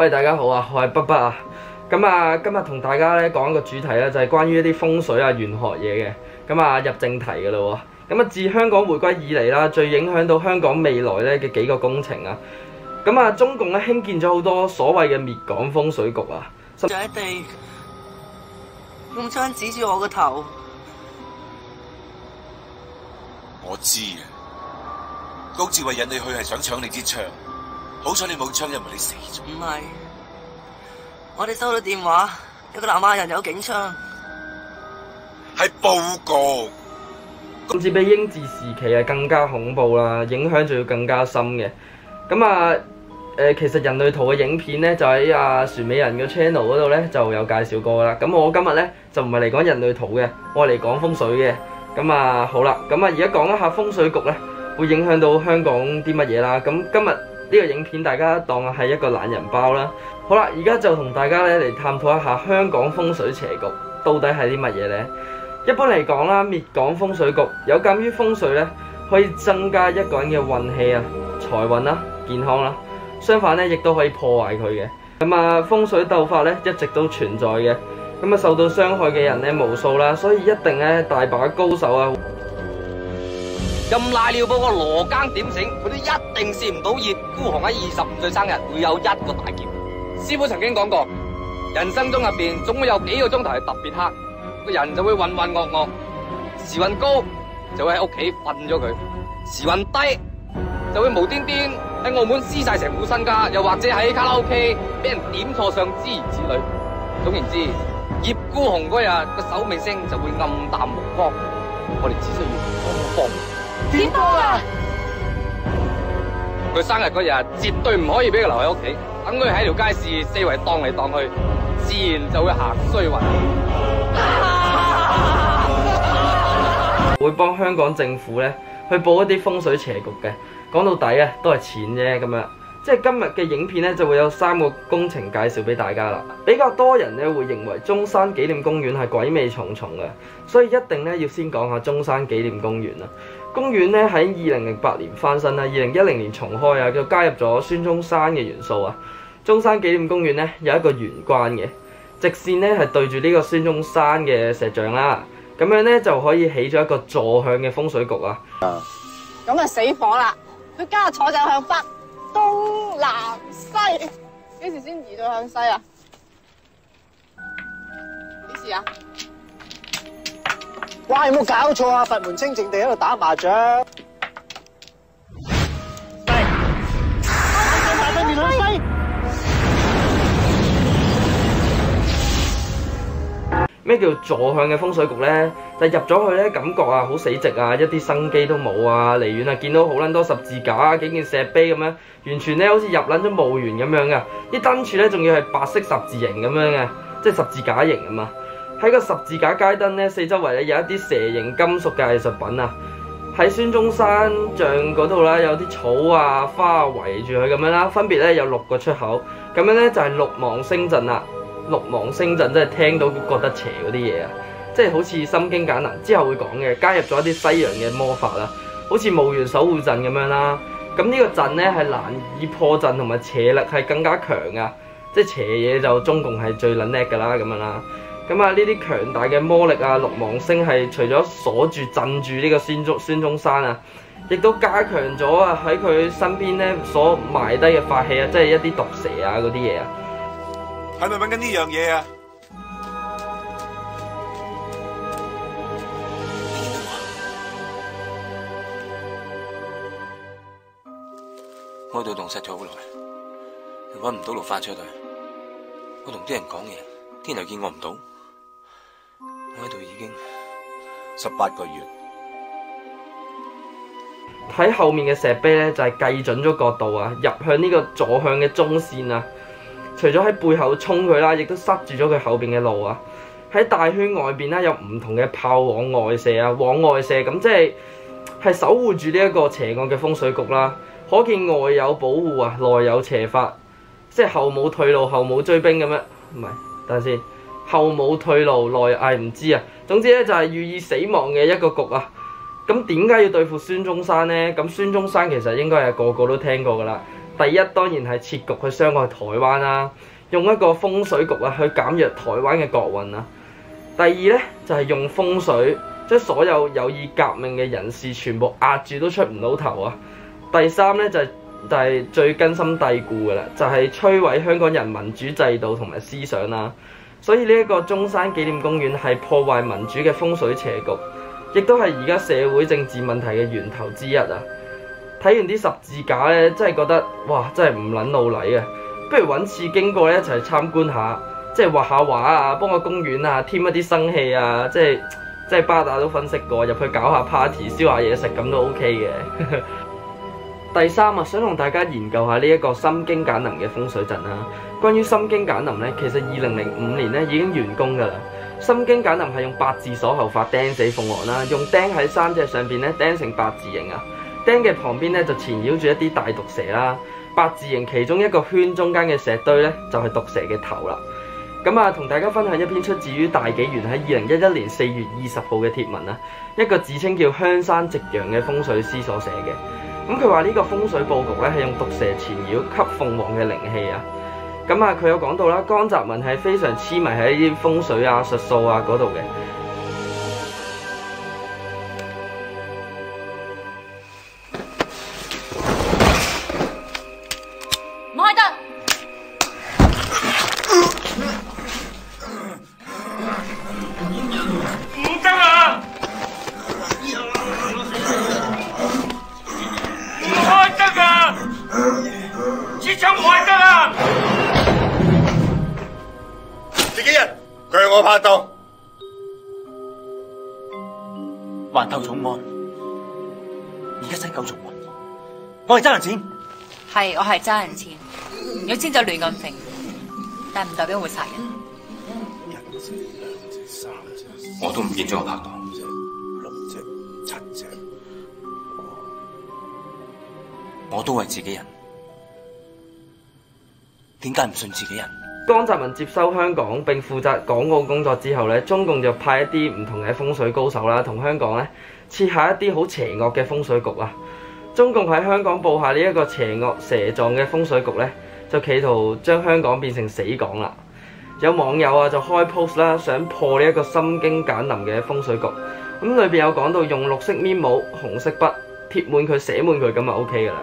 喂，大家好啊，我係北北啊，咁啊，今日同大家咧講一個主題咧，就係關於一啲風水啊、玄學嘢嘅，咁啊入正題噶啦，咁啊自香港回歸以嚟啦，最影響到香港未來咧嘅幾個工程啊，咁啊中共咧興建咗好多所謂嘅滅港風水局啊，踩地，用槍指住我個頭，我知啊，高志偉引你去係想搶你支槍。好彩你冇槍，因為你死咗，唔係？咪，我哋收到電話，有個南亞人有警槍，係報告。甚至比英治時期係更加恐怖啦，影響仲要更加深嘅。咁啊，誒，其實人類圖嘅影片咧，就喺啊船美人嘅 channel 度咧就有介紹過啦。咁我今日咧就唔係嚟講人類圖嘅，我係嚟講風水嘅。咁啊，好啦，咁啊，而家講一下風水局咧，會影響到香港啲乜嘢啦？咁今日。呢個影片大家當係一個懶人包啦。好啦，而家就同大家咧嚟探討一下香港風水邪局到底係啲乜嘢呢？一般嚟講啦，滅港風水局有鑑於風水呢可以增加一個人嘅運氣啊、財運啦、健康啦。相反呢亦都可以破壞佢嘅。咁啊，風水鬥法呢一直都存在嘅。咁啊，受到傷害嘅人呢無數啦，所以一定呢大把高手啊！任賴尿報個羅庚點醒佢都一定試唔到葉孤雄喺二十五歲生日會有一個大劫。師傅曾經講過，人生中入邊總會有幾個鐘頭係特別黑，個人就會渾渾噩噩。時運高就會喺屋企瞓咗佢，時運低就會無端端喺澳門輸晒成副身家，又或者喺卡拉 OK 俾人點錯上之之類。總而言之，葉孤雄嗰日個手尾聲就會暗淡無光。我哋只需要好好幫。點啊！佢生日嗰日絕對唔可以俾佢留喺屋企，等佢喺條街市四圍蕩嚟蕩去，自然就會行衰運。會幫香港政府呢去報一啲風水邪局嘅，講到底啊，都係錢啫咁樣，即係今日嘅影片呢，就會有三個工程介紹俾大家啦。比較多人呢，會認為中山紀念公園係鬼味重重嘅，所以一定呢，要先講下中山紀念公園啦。公園咧，喺二零零八年翻新啦，二零一零年重開啊，就加入咗孫中山嘅元素啊。中山紀念公園咧，有一個玄關嘅，直綫咧，係對住呢個孫中山嘅石像啦，咁樣呢，就可以起咗一個坐向嘅風水局啊。啊，咁啊死火啦！佢家下坐就向北東南西，幾時先移到向西啊？幾時啊？哇！有冇搞錯啊？佛門清淨地喺度打麻雀。嚟！打死你老細！咩叫坐向嘅風水局咧？就入咗去咧，感覺啊，好死寂啊，一啲生機都冇啊。離遠啊，見到好捻多十字架、幾件石碑咁樣，完全咧好似入捻咗墓園咁樣噶。啲燈柱咧，仲要係白色十字形咁樣嘅，即係十字架形啊嘛。喺個十字架街燈咧，四周圍咧有一啲蛇形金屬嘅藝術品啊。喺孫中山像嗰度啦，有啲草啊、花啊圍住佢咁樣啦，分別咧有六個出口，咁樣咧就係六芒星陣啦。六芒星陣即係聽到覺得邪嗰啲嘢啊，即係好似《心經簡》簡林之後會講嘅，加入咗一啲西洋嘅魔法啦，好似無緣守護陣咁樣啦。咁呢個陣咧係難以破陣同埋邪力係更加強啊。即係邪嘢就中共係最撚叻噶啦咁樣啦。咁啊！呢啲強大嘅魔力啊，六芒星係除咗鎖住、鎮住呢個孫中、孫中山啊，亦都加強咗啊喺佢身邊咧所埋低嘅法器啊，即係一啲毒蛇啊嗰啲嘢啊，係咪揾緊呢樣嘢啊？ 我喺度蕩失咗好耐，揾唔到路返出去。我同啲人講嘢，啲人又見我唔到。我喺度已經十八個月。喺後面嘅石碑咧，就係、是、計準咗角度啊，入向呢個左向嘅中線啊。除咗喺背後衝佢啦，亦都塞住咗佢後邊嘅路啊。喺大圈外邊啦，有唔同嘅炮往外射啊，往外射咁即係係守護住呢一個斜岸嘅風水局啦、啊。可見外有保護啊，內有邪法，即係後冇退路，後冇追兵咁樣，唔係等下先。後冇退路，內嗌唔知啊。總之咧就係、是、寓意死亡嘅一個局啊。咁點解要對付孫中山呢？咁、啊、孫中山其實應該係個個都聽過噶啦。第一當然係設局去傷害台灣啦、啊，用一個風水局啊去減弱台灣嘅國運啊。第二呢，就係、是、用風水將所有有意革命嘅人士全部壓住都出唔到頭啊。第三呢，就係、是、就係、是、最根深蒂固嘅啦，就係、是、摧毀香港人民主制度同埋思想啦、啊。所以呢一個中山紀念公園係破壞民主嘅風水邪局，亦都係而家社會政治問題嘅源頭之一啊！睇完啲十字架咧，真係覺得哇，真係唔撚老禮啊！不如揾次經過咧一齊參觀下，即係畫下畫啊，幫個公園啊添一啲生氣啊，即係即係巴打都分析過，入去搞下 party，燒下嘢食咁都 OK 嘅。 第三啊，想同大家研究下呢一個心經簡林嘅風水陣啦。關於心經簡林咧，其實二零零五年咧已經完工噶啦。心經簡林係用八字鎖喉法釘死鳳凰啦，用釘喺三隻上邊咧釘成八字形啊。釘嘅旁邊咧就纏繞住一啲大毒蛇啦。八字形其中一個圈中間嘅石堆咧就係毒蛇嘅頭啦。咁啊，同大家分享一篇出自於大紀元喺二零一一年四月二十號嘅帖文啦，一個自稱叫香山夕陽嘅風水師所寫嘅。咁佢話呢個風水布局咧係用毒蛇纏繞吸鳳凰嘅靈氣啊！咁、嗯、啊，佢有講到啦，江澤民係非常痴迷喺啲風水啊、術數啊嗰度嘅。我係揸人錢，係我係揸人錢，有錢就亂咁平，但唔代表會殺人。我都唔見咗個拍檔，六隻七隻。我都係自己人，點解唔信自己人？江澤民接收香港並負責港澳工作之後咧，中共就派一啲唔同嘅風水高手啦，同香港咧設下一啲好邪惡嘅風水局啦。中共喺香港布下呢一個邪惡蛇狀嘅風水局呢，就企圖將香港變成死港啦。有網友啊就開 post 啦，想破呢一個心經簡林嘅風水局。咁裏邊有講到用綠色 memo、紅色筆貼滿佢、寫滿佢、OK，咁就 O K 噶啦。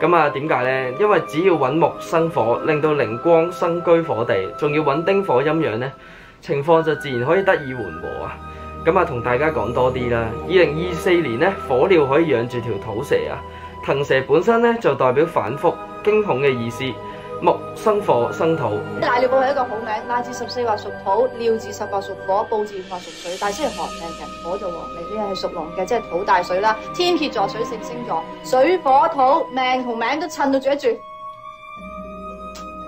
咁啊點解呢？因為只要揾木生火，令到靈光生居火地，仲要揾丁火陰陽呢，情況就自然可以得以緩和啊！咁啊，同大家講多啲啦。二零二四年呢，火鳥可以養住條土蛇啊。騰蛇本身咧就代表反覆驚恐嘅意思。木生火生土，火鳥就蛇蛇。大尿布係一個好名，尿字十四畫屬土，料字十八畫屬火，布字五畫屬水。大先係寒命嘅，火就旺嚟，呢係屬龍嘅，即係土大水啦。天蠍座水性星座，水火土命同名都襯到住一住。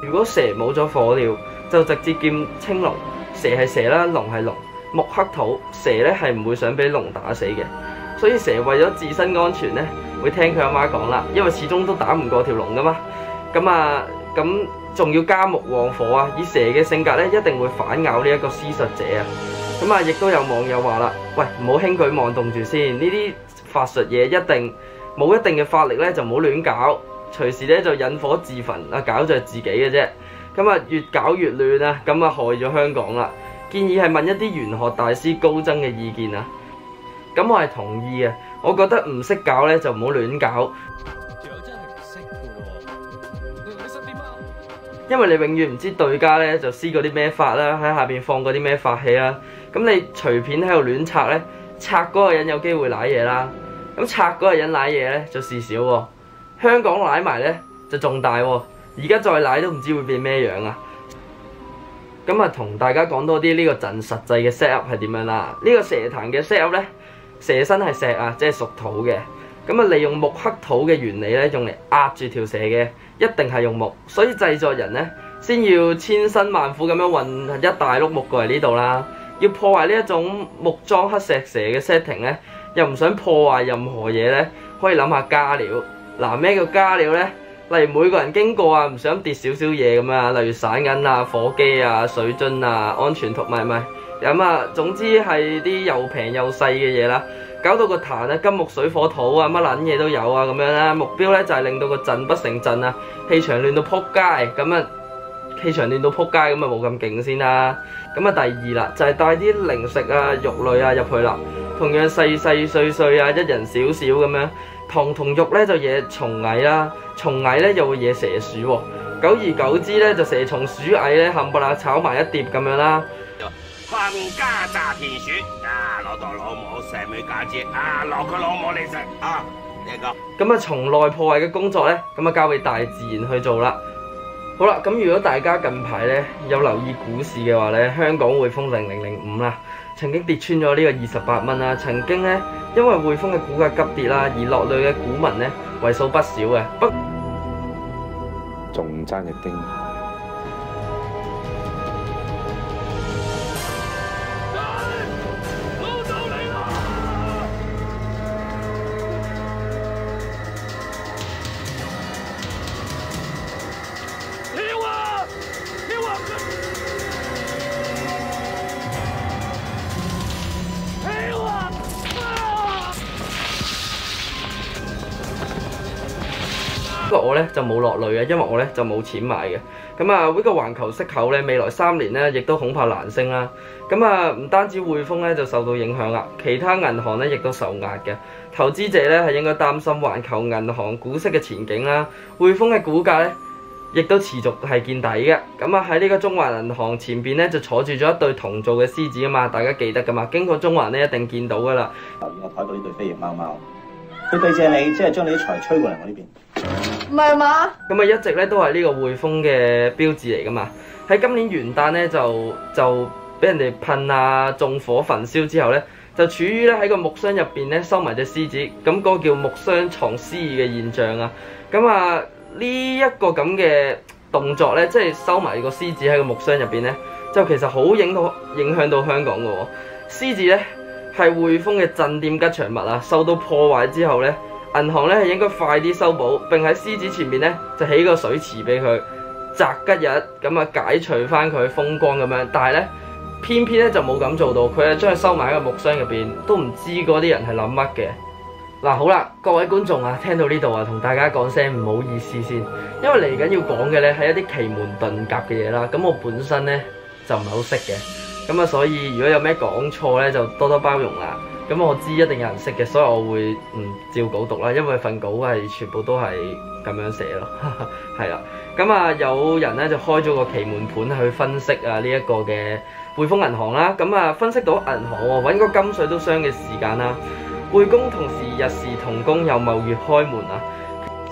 如果蛇冇咗火鳥，就直接見青龍。蛇係蛇啦，龍係龍。木克土，蛇呢係唔會想俾龍打死嘅，所以蛇為咗自身安全呢，會聽佢阿媽講啦，因為始終都打唔過條龍㗎嘛。咁、嗯、啊，咁、嗯、仲要加木旺火啊，以蛇嘅性格呢，一定會反咬呢一個施術者啊。咁、嗯、啊，亦、嗯、都有網友話啦，喂，唔好輕舉妄動住先，呢啲法術嘢一定冇一定嘅法力呢，就唔好亂搞，隨時呢就引火自焚啊，搞著自己嘅啫。咁、嗯、啊，越搞越亂啊，咁啊害咗香港啦。建議係問一啲玄學大師高僧嘅意見啊！咁我係同意啊，我覺得唔識搞咧就唔好亂搞。因為你永遠唔知對家咧就施過啲咩法啦，喺下邊放過啲咩法器啦。咁你隨便喺度亂拆咧，拆嗰個人有機會舐嘢啦。咁拆嗰個人舐嘢咧就事少喎，香港舐埋咧就重大喎。而家再舐都唔知會變咩樣啊！咁啊，同大家講多啲呢個陣實際嘅 set up 係點樣啦？呢、這個蛇壇嘅 set up 咧，蛇身係石啊，即係屬土嘅。咁啊，利用木剋土嘅原理呢，用嚟壓住條蛇嘅，一定係用木。所以製作人呢，先要千辛萬苦咁樣運一大碌木過嚟呢度啦。要破壞呢一種木樁剋石蛇嘅 setting 咧，又唔想破壞任何嘢呢，可以諗下加料。嗱、啊，咩叫加料呢？例如每個人經過啊，唔想跌少少嘢咁啊，例如散銀啊、火機啊、水樽啊、安全套咪咪，咁啊，總之係啲又平又細嘅嘢啦，搞到個壇啊金木水火土啊乜撚嘢都有啊咁樣啦，目標咧就係令到個陣不成陣啊，氣場亂到撲街，咁啊氣場亂到撲街，咁啊冇咁勁先啦。咁啊第二啦，就係帶啲零食啊、肉類啊入去啦，同樣細細碎碎啊，一人少少咁樣。糖同肉咧就惹蟲蟻啦，蟲蟻咧又會惹蛇鼠喎，久而久之咧就蛇蟲鼠蟻咧冚唪唥炒埋一碟咁樣啦。飯家炸田鼠啊，老豆老母蛇妹家姐啊，落個老母你食啊，呢個咁啊從內破壞嘅工作咧，咁啊交俾大自然去做啦。好啦，咁如果大家近排咧有留意股市嘅話咧，香港匯豐零零零五啦。曾經跌穿咗呢個二十八蚊啦，曾經呢，因為匯豐嘅股價急跌啦，而落淚嘅股民呢，為數不少嘅，不仲爭一丁。咧就冇落淚嘅，因為我咧就冇錢買嘅。咁啊，呢個環球息口咧，未來三年咧亦都恐怕難升啦。咁啊，唔單止匯豐咧就受到影響啦，其他銀行咧亦都受壓嘅。投資者咧係應該擔心環球銀行股息嘅前景啦。匯豐嘅股價咧亦都持續係見底嘅。咁啊，喺呢個中環銀行前邊咧就坐住咗一對銅做嘅獅子啊嘛，大家記得噶嘛。經過中環咧一定見到噶啦。留意我睇到呢對飛翼貓貓。佢對謝你，即係將你啲財吹過嚟我呢邊，唔係嘛？咁啊，一直咧都係呢個匯豐嘅標誌嚟噶嘛。喺今年元旦咧，就就俾人哋噴啊，縱火焚燒之後咧，就處於咧喺個木箱入邊咧收埋隻獅子。咁嗰個，那個叫木箱藏獅嘅現象啊。咁啊，呢一個咁嘅動作咧，即係收埋個獅子喺個木箱入邊咧，就其實好影響影響到香港噶喎、哦。獅子咧，係匯豐嘅鎮店吉祥物啊，受到破壞之後呢，銀行呢係應該快啲修補，並喺獅子前面呢就起個水池俾佢擇吉日咁啊，解除翻佢風光咁樣。但係呢，偏偏咧就冇咁做到，佢啊將佢收埋喺個木箱入邊，都唔知嗰啲人係諗乜嘅。嗱、啊，好啦，各位觀眾啊，聽到呢度啊，同大家講聲唔好意思先，因為嚟緊要講嘅呢係一啲奇門遁甲嘅嘢啦。咁我本身呢，就唔係好識嘅。咁啊，所以如果有咩講錯咧，就多多包容啦。咁我知一定有人識嘅，所以我會唔、嗯、照稿讀啦，因為份稿係全部都係咁樣寫咯。係 啦，咁啊，有人咧就開咗個奇門盤去分析啊呢一個嘅匯豐銀行啦。咁啊，分析到銀行喎，搵個金水都傷嘅時間啦。匯工同時日時同工又謀月開門啊，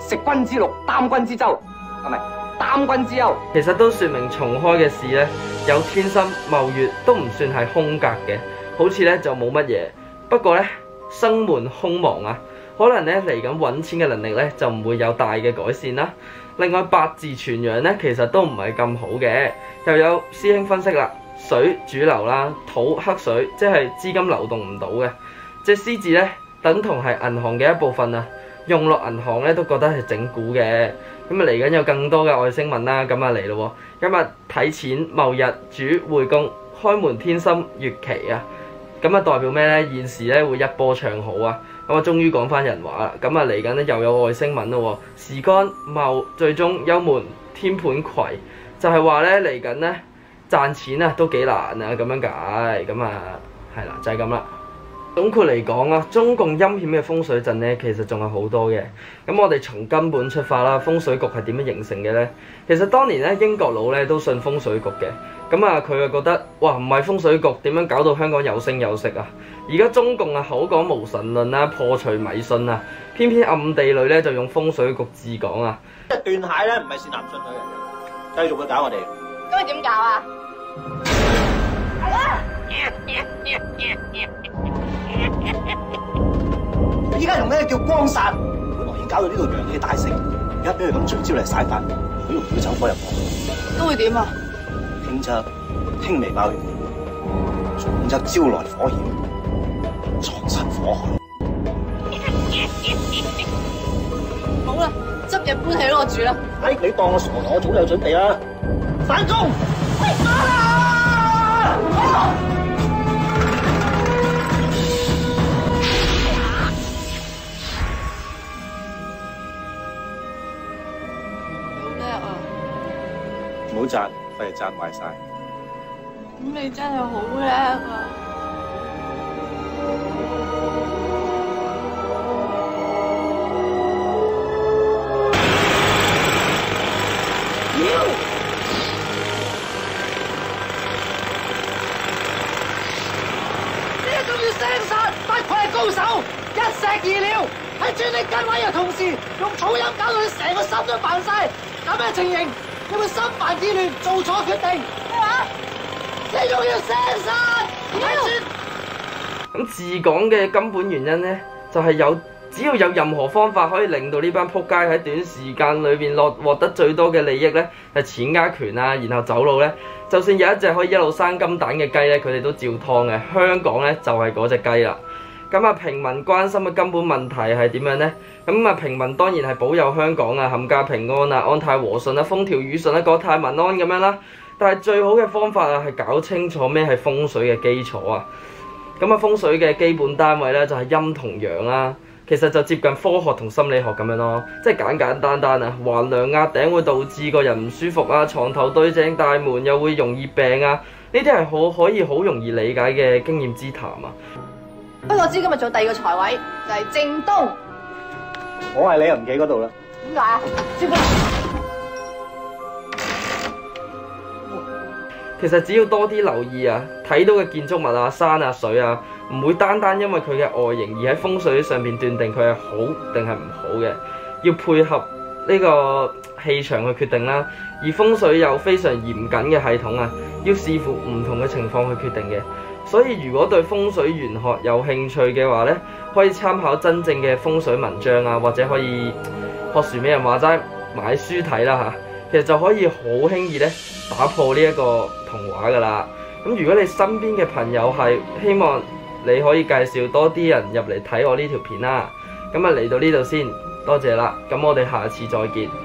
食君之祿擔君之舟，係咪。擔君之憂，其實都說明重開嘅事呢，有天生卯月都唔算係空格嘅，好似呢就冇乜嘢。不過呢，生門空亡啊，可能咧嚟緊揾錢嘅能力呢，就唔會有大嘅改善啦、啊。另外八字全陽呢，其實都唔係咁好嘅，又有師兄分析啦，水主流啦、啊，土黑水，即係資金流動唔到嘅。即隻獅子呢，等同係銀行嘅一部分啊，用落銀行呢，都覺得係整蠱嘅。咁啊，嚟緊有更多嘅外星文啦，咁啊嚟咯，今日睇錢，某日主會共、開門天心月奇啊，咁啊代表咩呢？現時咧會一波唱好啊，咁啊終於講翻人話啦，咁啊嚟緊咧又有外星文咯喎、哦，時干某最終幽門天盤葵，就係、是、話呢嚟緊呢賺錢啊都幾難啊咁樣解，咁啊係啦，就係咁啦。總括嚟講啊，中共陰險嘅風水陣呢，其實仲有好多嘅。咁我哋從根本出發啦，風水局係點樣形成嘅呢？其實當年咧，英國佬咧都信風水局嘅。咁啊，佢又覺得，哇，唔係風水局點樣搞到香港有聲有色啊？而家中共啊口講無神論啦，破除迷信啊，偏偏暗地裏咧就用風水局治港啊。即係斷蟹咧，唔係善男信女人嘅，繼續去搞我哋。咁點搞啊？ 依家用咩叫光殺？本來已經搞到呢度陽氣大盛，而家俾佢咁聚焦嚟散發，好容易走火入魔。都會點啊？輕則輕微爆裂，重則招來火焰，葬身火海。好啦，執日搬起攞住啦。哎，你當我傻？我早有準備、哎、啊！散、啊、工。賺，反而賺壞晒。咁你真係好叻啊！你呢種要聲殺，不愧係高手，一石二鳥，喺穿呢間屋嘅同時用噪音搞到你成個心都煩晒，咁嘅情形，心煩意亂，做錯決定，咩話？你仲要聲晒？點解？咁自講嘅根本原因呢，就係有，只要有任何方法可以令到呢班扑街喺短時間裏邊落獲得最多嘅利益呢係錢加權啊，然後走路呢，就算有一隻可以一路生金蛋嘅雞呢，佢哋都照劏嘅。香港呢，就係嗰隻雞啦。咁啊，平民關心嘅根本問題係點樣呢？咁啊，平民當然係保佑香港啊，冚家平安啦，安泰和順啦，風調雨順啦，國泰民安咁樣啦。但係最好嘅方法啊，係搞清楚咩係風水嘅基礎啊。咁啊，風水嘅基本單位呢，就係陰同陽啦。其實就接近科學同心理學咁樣咯，即係簡簡單單啊，橫梁壓頂會導致個人唔舒服啊，床頭對正大門又會容易病啊。呢啲係好可以好容易理解嘅經驗之談啊。不過我知今日做第二個財位就係正東，我係你又唔企嗰度啦？點解啊，師傅？其實只要多啲留意啊，睇到嘅建築物啊、山啊、水啊，唔會單單因為佢嘅外形而喺風水上邊斷定佢係好定係唔好嘅，要配合呢個氣場去決定啦。而風水有非常嚴謹嘅系統啊，要視乎唔同嘅情況去決定嘅。所以如果對風水玄學有興趣嘅話呢，可以參考真正嘅風水文章啊，或者可以學樹美人話齋買書睇啦吓，其實就可以好輕易咧打破呢一個童話噶啦。咁如果你身邊嘅朋友係希望你可以介紹多啲人入嚟睇我呢條片啦，咁啊嚟到呢度先，多謝啦，咁我哋下次再見。